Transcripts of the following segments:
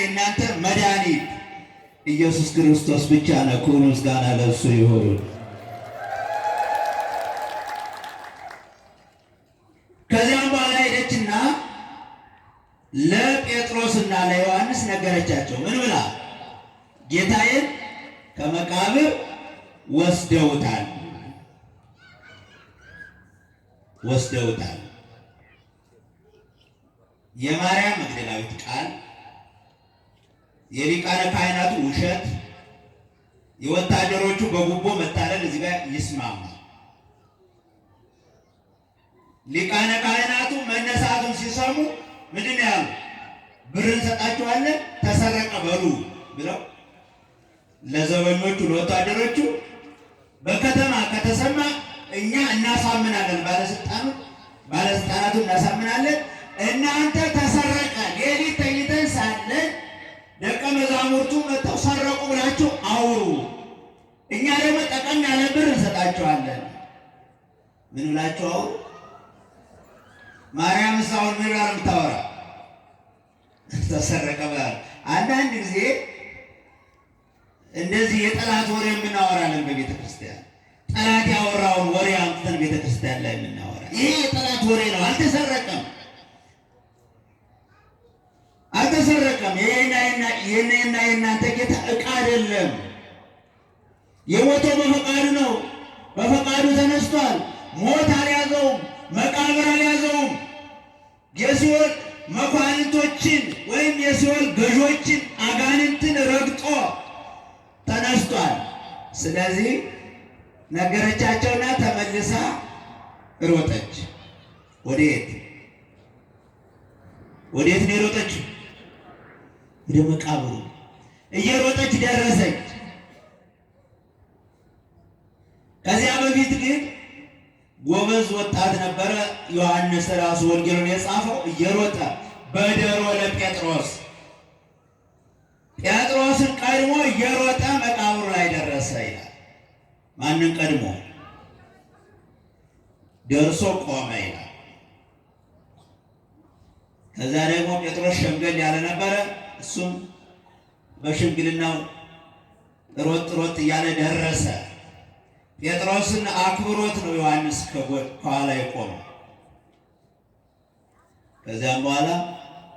የእናንተ መድኃኒት ኢየሱስ ክርስቶስ ብቻ ነው። ክብር ምስጋና ለእሱ ይሁን። ከዚያም በኋላ ሄደችና ለጴጥሮስና ለዮሐንስ ነገረቻቸው። ምን ብላ? ጌታዬን ከመቃብር ወስደውታል ወስደውታል። የማርያም መግደላዊት ቃል የሊቃነ ካህናቱ ውሸት፣ የወታደሮቹ በጉቦ መታለል እዚህ ጋር ይስማሙ። ሊቃነ ካህናቱ መነሳቱን ሲሰሙ ምንድን ያሉ? ብር እንሰጣችኋለን ተሰረቀ በሉ ብለው ለዘበኞቹ ለወታደሮቹ በከተማ ከተሰማ እኛ እናሳምናለን፣ ባለስልጣኑ ባለስልጣናቱ እናሳምናለን። እናንተ ተሰረቀ ሌሊት መዛሙርቱ መጥተው ሰረቁ ብላችሁ አውሩ፣ እኛ ደግሞ ጠቀም ያለ ብር እንሰጣችኋለን። ምን ብላችሁ አውሩ። ማርያም ሳሁን ምን ጋር የምታወራ ተሰረቀ ብላል። አንዳንድ ጊዜ እንደዚህ የጠላት ወሬ የምናወራለን በቤተ ክርስቲያን ጠላት ያወራውን ወሬ አምጥተን ቤተ ክርስቲያን ላይ የምናወራ ይሄ የጠላት ወሬ ነው፣ አልተሰረቀም የእኔና የእናንተ ጌታ እቃ አይደለም። የሞተው በፈቃዱ ነው። በፈቃዱ ተነስቷል። ሞት አልያዘውም፣ መቃብር አልያዘውም። የሲኦል መኳንንቶችን ወይም የሲኦል ገዦችን አጋንንትን ረግጦ ተነስቷል። ስለዚህ ነገረቻቸውና ተመልሳ ሮጠች። ወዴት ወዴት ነው የሮጠችው? ወደ መቃብሩ እየሮጠች ደረሰች። ከዚያ በፊት ግን ጎበዝ ወጣት ነበረ። ዮሐንስ ራሱ ወንጌሉን የጻፈው እየሮጠ በደሮ ለጴጥሮስ ጴጥሮስን ቀድሞ እየሮጠ መቃብሩ ላይ ደረሰ ይላል። ማንን ቀድሞ ደርሶ ቆመ ይላል። ከዛ ደግሞ ጴጥሮስ ሸምገል ያለ ነበረ እሱም በሽምግልናው ሮጥ ሮጥ እያለ ደረሰ። ጴጥሮስን አክብሮት ነው ዮሐንስ ከኋላ የቆመ ከዚያም በኋላ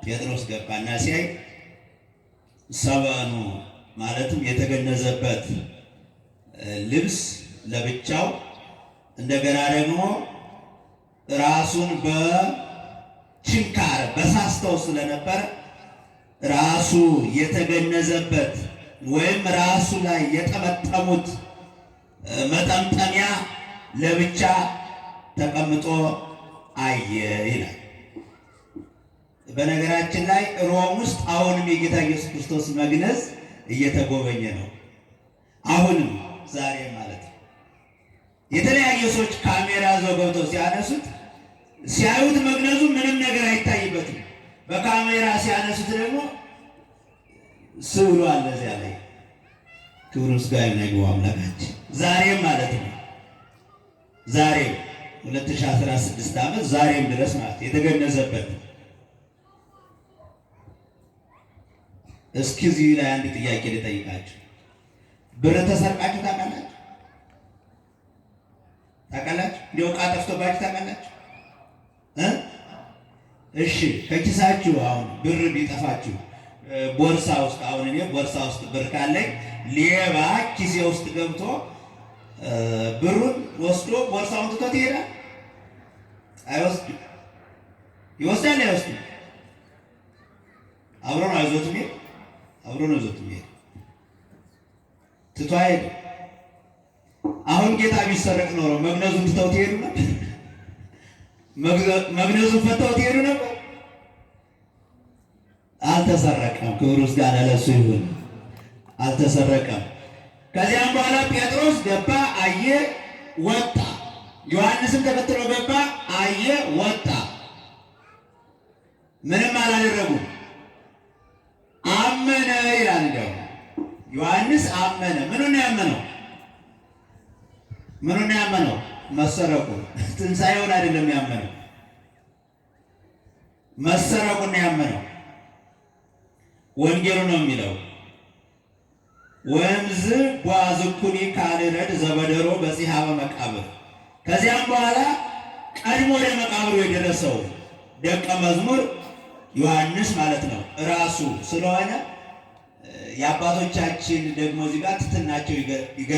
ጴጥሮስ ገባና ሲያይ ሰበኑ ማለትም የተገነዘበት ልብስ ለብቻው እንደገና ደግሞ ራሱን በችንካር በሳስተው ስለነበረ ራሱ የተገነዘበት ወይም ራሱ ላይ የጠመጠሙት መጠምጠሚያ ለብቻ ተቀምጦ አየ ይላል። በነገራችን ላይ ሮም ውስጥ አሁንም የጌታ ኢየሱስ ክርስቶስ መግነዝ እየተጎበኘ ነው። አሁንም ዛሬ ማለት ነው። የተለያዩ ሰዎች ካሜራ ዘው ገብተው ሲያነሱት ሲያዩት መግነዙ ምንም ነገር አይታይበትም። በካሜራ ሲያነሱት ደግሞ ስብሎ አለ እዚያ ላይ ክብር ምስጋና ይግባው አምላካችን። ዛሬም ማለት ነው ዛሬም 2016 ዓመት ዛሬም ድረስ ማለት የተገነዘበት እስኪ እዚህ ላይ አንድ ጥያቄ ልጠይቃችሁ። ብር ተሰርቃችሁ ታውቃላችሁ? ታውቃላችሁ? እንዲያው ዕቃ ጠፍቶባችሁ ታውቃላችሁ? እሺ ከኪሳችሁ አሁን ብር ቢጠፋችሁ ቦርሳ ውስጥ አሁን እኔ ቦርሳ ውስጥ ብር ካለኝ ሌባ ኪሴ ውስጥ ገብቶ ብሩን ወስዶ ቦርሳውን ትቶት ይሄዳል? አይወስድ ይወስዳል? አይወስድ አብሮ ነው አይዞት የሚሄድ አብሮ ነው ይዞት የሚሄድ ትቶ አይሄድም። አሁን ጌታ ቢሰረቅ ኖሮ መግነዙን ትተው ትሄዱ ነበር? መግነዙን ፈተው ትሄዱ ነበር? አልተሰረቀም። ክብር ምስጋና ይሁን። አልተሰረቀም። ከዚያም በኋላ ጴጥሮስ ገባ፣ አየ፣ ወጣ። ዮሐንስም ተከትሎ ገባ፣ አየ፣ ወጣ። ምንም አላደረጉም። አመነ ይላል። እንዲያው ዮሐንስ አመነ። ያመነው? ያመነው? መሰረቁ። ትንሣኤውን አይደለም ያመነው፣ መሰረቁን ያመነው ወንጌሉ ነው የሚለው ወምዝ ጓዝኩኒ ካልረድ ዘበደሮ በዚህ መቃብር። ከዚያም በኋላ ቀድሞ ወደ መቃብሩ የደረሰው ደቀ መዝሙር ዮሐንስ ማለት ነው ራሱ ስለሆነ የአባቶቻችን ደግሞ እዚህ ጋር ትትናቸው